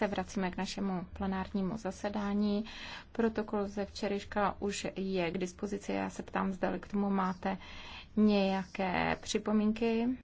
se vracíme k našemu plenárnímu zasedání. Protokol ze včerejška už je k dispozici. Já se ptám, zda k tomu máte nějaké připomínky.